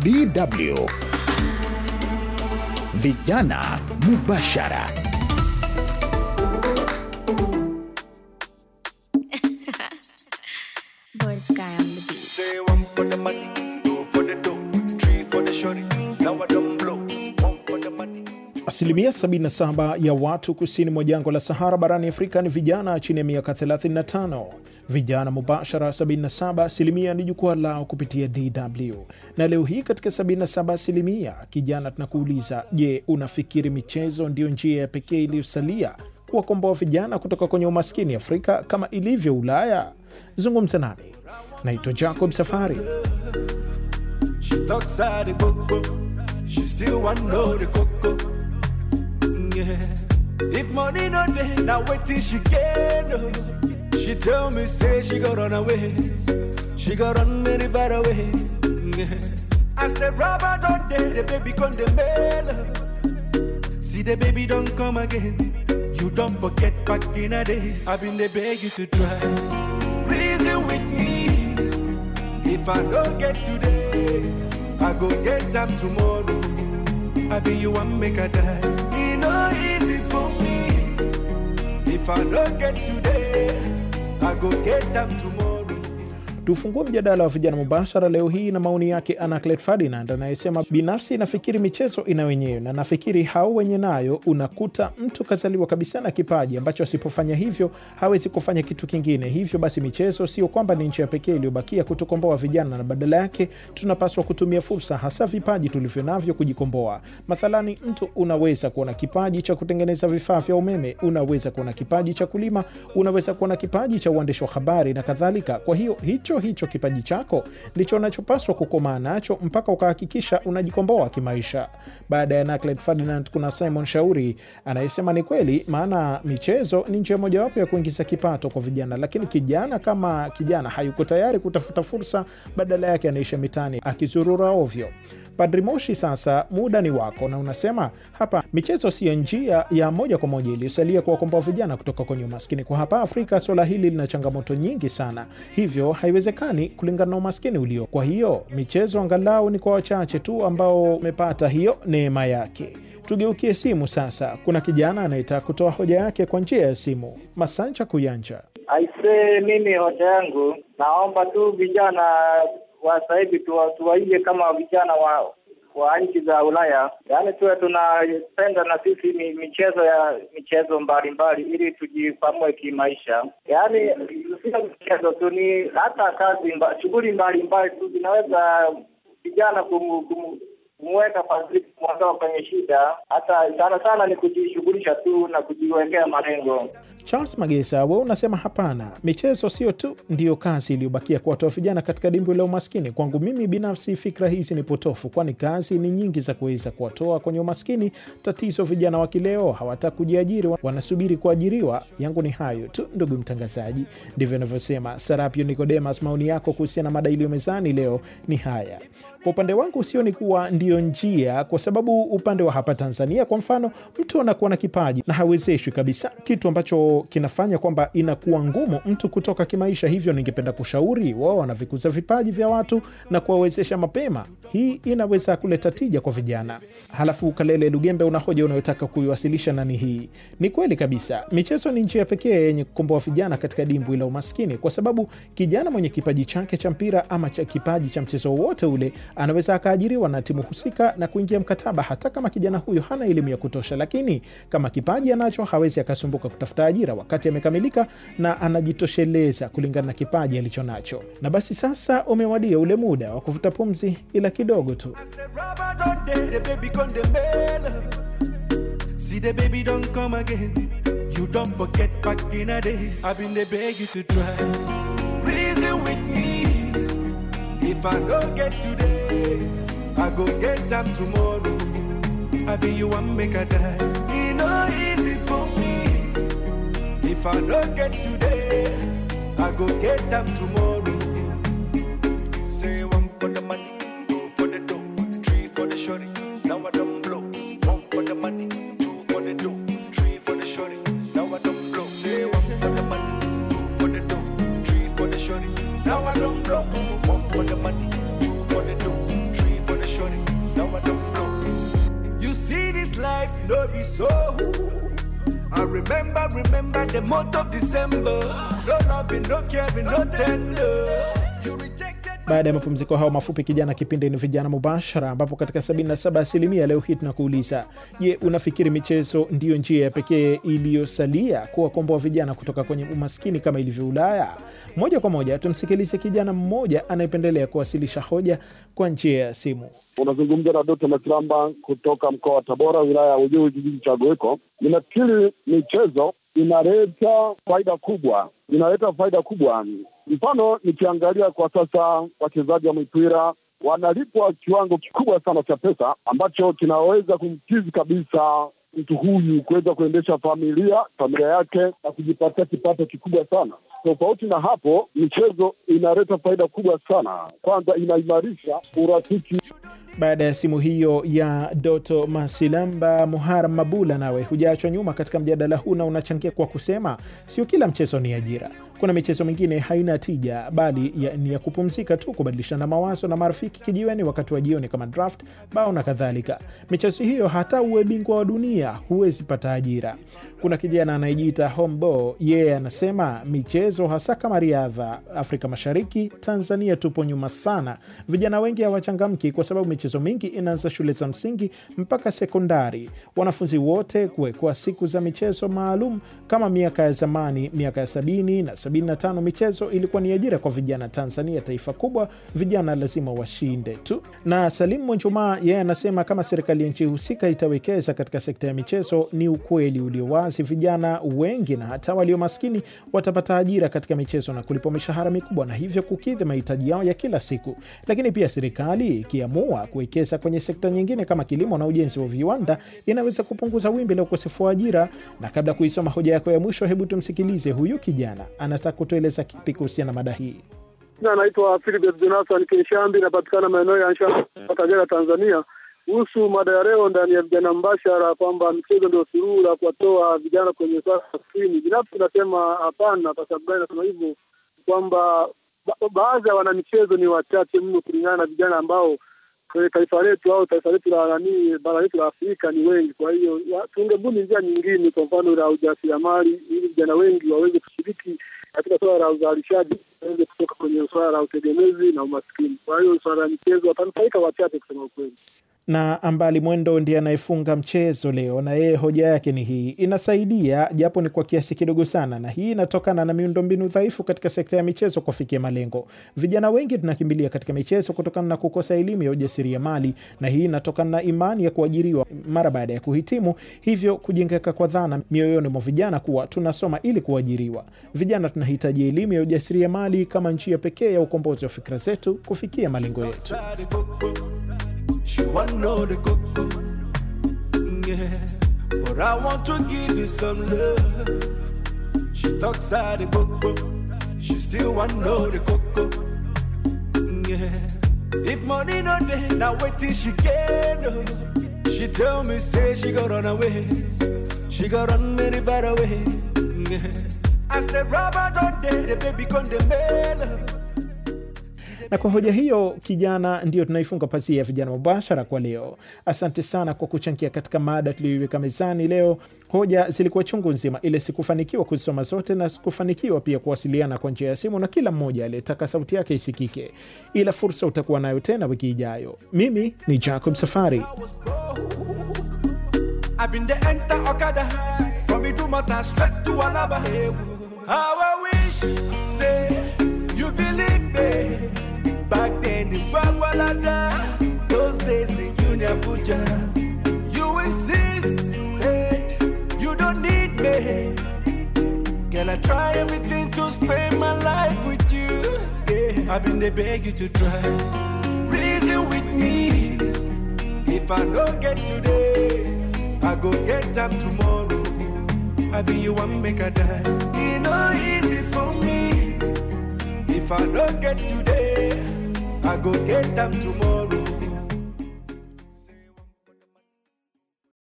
DW Vijana Mubashara. Asilimia 77 ya watu kusini mwa jangwa la Sahara barani Afrika ni vijana chini ya miaka 35. Vijana Mubashara 77 asilimia ni jukwaa lao kupitia DW. Na leo hii katika 77 asilimia kijana tunakuuliza, je, unafikiri michezo ndiyo njia ya pekee iliyosalia kuwakomboa vijana kutoka kwenye umaskini Afrika kama ilivyo Ulaya? Zungumza nami, naitwa Jacob Safari. She talks money no day. Now wait till she get no. She tell me say she go run away. She go run many bad away. As the rubber don't day, the baby gone the mail. See the baby don't come again. You don't forget back in a days. I've been the beg you to try. Reason with me. If I don't get today, I go get time tomorrow. I be you one make a die. If I don't get today, I go get them tomorrow. Tufungue mjadala wa vijana mubashara leo hii na maoni yake Anaclet Ferdinand anayesema, binafsi nafikiri michezo ina wenyewe, na nafikiri hao wenye nayo, unakuta mtu kazaliwa kabisa na kipaji ambacho asipofanya hivyo hawezi kufanya kitu kingine. Hivyo basi michezo sio kwamba ni njia pekee iliyobakia kutukomboa vijana, na badala yake tunapaswa kutumia fursa, hasa vipaji tulivyo navyo, kujikomboa. Mathalani, mtu unaweza kuona kipaji cha kutengeneza vifaa vya umeme, unaweza kuona kipaji cha kulima, unaweza kuona kipaji cha uandishi wa habari na kadhalika. Kwa hiyo hicho hicho kipaji chako ndicho unachopaswa kukomaa nacho mpaka ukahakikisha unajikomboa kimaisha. Baada ya Nakhled Ferdinand kuna Simon Shauri anayesema ni kweli, maana michezo ni njia mojawapo ya kuingiza kipato kwa vijana, lakini kijana kama kijana hayuko tayari kutafuta fursa, badala yake anaisha mitaani akizurura ovyo. Padri Moshi, sasa muda ni wako, na unasema hapa michezo siyo njia ya moja kwa moja iliyosalia kuwakomboa vijana kutoka kwenye umaskini. Kwa hapa Afrika swala hili lina changamoto nyingi sana, hivyo haiwezekani kulingana na umaskini ulio. Kwa hiyo michezo angalau ni kwa wachache tu ambao wamepata hiyo neema yake. Tugeukie simu sasa. Kuna kijana anayetaka kutoa hoja yake kwa njia ya simu. Masancha Kuyanja. Aisee, mimi hoja yangu naomba tu vijana wa sasa hivi tuwaige kama vijana wa wa nchi za Ulaya, yaani tuwe tunapenda na sisi michezo ya michezo mbalimbali ili tujipamue kimaisha. Yaani sio michezo tu, ni hata kazi, shughuli mbalimbali tu zinaweza vijana kum, kum, itafadhili kumwondoa kwenye shida, hata sana sana ni kujishughulisha tu na kujiwekea malengo. Charles Magesa, we unasema hapana, michezo sio tu ndiyo kazi iliyobakia kwa kuwatoa vijana katika dimbwi la umaskini. Kwangu mimi binafsi, fikra hizi ni potofu, kwani kazi ni nyingi za kuweza kuwatoa kwenye umaskini. Tatizo vijana wa kileo hawataka kujiajiri, wanasubiri kuajiriwa. Yangu ni hayo tu, ndugu mtangazaji. Ndivyo anavyosema Sarapio Nikodemas. Maoni yako kuhusiana na mada iliyo mezani leo ni haya. Kwa upande wangu, sio ni kuwa ndiyo njia njia, kwa sababu upande wa hapa Tanzania kwa mfano, mtu anakuwa na kipaji na hawezeshwi kabisa, kitu ambacho kinafanya kwamba inakuwa ngumu mtu kutoka kimaisha. Hivyo ningependa kushauri wao wanavikuza vipaji vya watu na kuwawezesha mapema. Hii inaweza kuleta tija kwa vijana. Halafu Kalele Lugembe, una hoja unayotaka kuiwasilisha nani? Hii ni kweli kabisa, michezo ni njia pekee yenye kukomboa vijana katika dimbwi la umaskini, kwa sababu kijana mwenye kipaji chake cha mpira ama cha kipaji cha mchezo wowote ule anaweza akaajiriwa na timu husika kunufaika na kuingia mkataba, hata kama kijana huyo hana elimu ya kutosha, lakini kama kipaji anacho, hawezi akasumbuka kutafuta ajira wakati amekamilika na anajitosheleza kulingana na kipaji alicho nacho. Na basi sasa umewadia ule muda wa kuvuta pumzi, ila kidogo tu. if I don't get today. I go get up tomorrow. I be you one make a die. It no easy for me. If I don't get today, I go get up tomorrow. the month of December. No loving, no caring, no tender. Baada ya mapumziko hao mafupi, kijana, kipindi ni vijana mubashara, ambapo katika 77 asilimia leo hii tunakuuliza, je, unafikiri michezo ndiyo njia ya pekee iliyosalia kuwakomboa vijana kutoka kwenye umaskini kama ilivyo Ulaya? Moja kwa moja tumsikilize kijana mmoja anayependelea kuwasilisha hoja kwa njia ya simu. Unazungumza na Doto Maslamba kutoka mkoa wa Tabora, wilaya ya Ujiji, kijiji cha Goiko. Ninafikiri michezo inaleta faida kubwa, inaleta faida kubwa. Mfano, nikiangalia kwa sasa wachezaji wa mipira wanalipwa kiwango kikubwa sana cha pesa ambacho kinaweza kumkizi kabisa mtu huyu kuweza kuendesha familia familia yake na kujipatia kipato kikubwa sana. Tofauti na hapo, michezo inaleta faida kubwa sana. Kwanza inaimarisha urafiki. Baada ya simu hiyo ya Doto Masilamba, Muharam Mabula nawe hujaachwa nyuma katika mjadala huu na unachangia kwa kusema sio kila mchezo ni ajira. Kuna michezo mingine haina tija, bali ya, ni ya kupumzika tu, kubadilishana mawazo na marafiki kijiweni wakati wa jioni, kama draft, bao na kadhalika. Michezo hiyo hata uwe bingwa wa dunia huwezi pata ajira. Kuna kijana anayejiita Hombo, yeye yeah, anasema michezo hasa kama riadha, Afrika Mashariki, Tanzania tupo nyuma sana, vijana wengi hawachangamki kwa sababu michezo mingi inaanza shule za msingi mpaka sekondari, wanafunzi wote kuwekwa siku za michezo maalum kama miaka ya zamani. Miaka ya sabini na sabini na tano michezo ilikuwa ni ajira kwa vijana. Tanzania taifa kubwa, vijana lazima washinde tu. Na salimu Mwenjumaa yeye anasema kama serikali ya nchi husika itawekeza katika sekta ya michezo, ni ukweli ulio wazi, vijana wengi na hata walio maskini watapata ajira katika michezo na kulipwa mishahara mikubwa, na hivyo kukidhi mahitaji yao ya kila siku. Lakini pia serikali ikiamua kuwekeza kwenye sekta nyingine kama kilimo na ujenzi wa viwanda inaweza kupunguza wimbi la ukosefu wa ajira. Na kabla kuisoma hoja yako ya mwisho, hebu tumsikilize huyu kijana, anataka kutueleza kipi kuhusiana na mada hii. Anaitwa Philibert Jonathan Kishambi, inapatikana maeneo ya Nshaa, Kagera, Tanzania, kuhusu mada ya leo ndani ya vijana mbashara, kwamba mchezo ndio suluhu la kuwatoa vijana kwenye swala la skrini. Binafsi nasema hapana. Kwa sababu gani nasema hivyo? Kwamba baadhi ya wanamichezo ni wachache mno kulingana na vijana ambao kwenye taifa letu au taifa letu la nani, bara letu la Afrika ni wengi. Kwa hiyo tungebuni njia nyingine, kwa mfano la ujasiriamali, ili vijana wengi waweze kushiriki katika suala la uzalishaji, waweze kutoka kwenye suala la utegemezi na umaskini. Kwa hiyo suala la michezo watanufaika wachache, kusema ukweli na ambali mwendo ndiye anayefunga mchezo leo, na yeye hoja yake ni hii, inasaidia japo ni kwa kiasi kidogo sana, na hii inatokana na miundombinu dhaifu katika sekta ya michezo kufikia malengo. Vijana wengi tunakimbilia katika michezo kutokana na kukosa elimu ya ujasiriamali, na hii inatokana na imani ya kuajiriwa mara baada ya kuhitimu, hivyo kujengeka kwa dhana mioyoni mwa vijana kuwa tunasoma ili kuajiriwa. Vijana tunahitaji elimu ya ujasiriamali kama njia pekee ya ukombozi wa fikra zetu kufikia malengo yetu. She want know the cocoa. Yeah. But I want to give you some love. She talks out the cocoa. She still want know the cocoa. Yeah. If money no day, now wait till she get no. She tell me, say she got run away. She got run many far away. Yeah. As the rubber don't day, the baby gone the man. Na kwa hoja hiyo, kijana, ndio tunaifunga pazia ya vijana mubashara kwa leo. Asante sana kwa kuchangia katika mada tuliyoiweka mezani leo. Hoja zilikuwa chungu nzima, ile sikufanikiwa kuzisoma zote na sikufanikiwa pia kuwasiliana kwa njia ya simu na kila mmoja aliyetaka sauti yake isikike, ila fursa utakuwa nayo tena wiki ijayo. Mimi ni Jacob Safari. You insist you don't need me. Can I try everything to spend my life with you? I've been to beg you to try. Reason with me. If I don't get today, I go get up tomorrow. I be you one make a die. It no easy for me. If I don't get today, I go get up tomorrow.